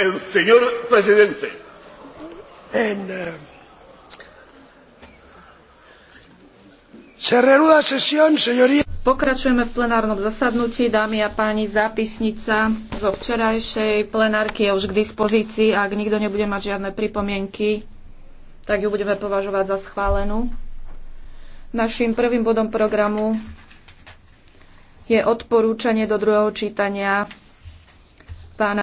El señor presidente, en eh, cerreruda sesión, señoría. Pokračujeme v plenárnom zasadnutí. Dámy a páni, zápisnica zo včerajšej plenárky je už k dispozícii. Ak nikto nebude mať žiadne pripomienky, tak ju budeme považovať za schválenú. Naším prvým bodom programu je odporúčanie do druhého čítania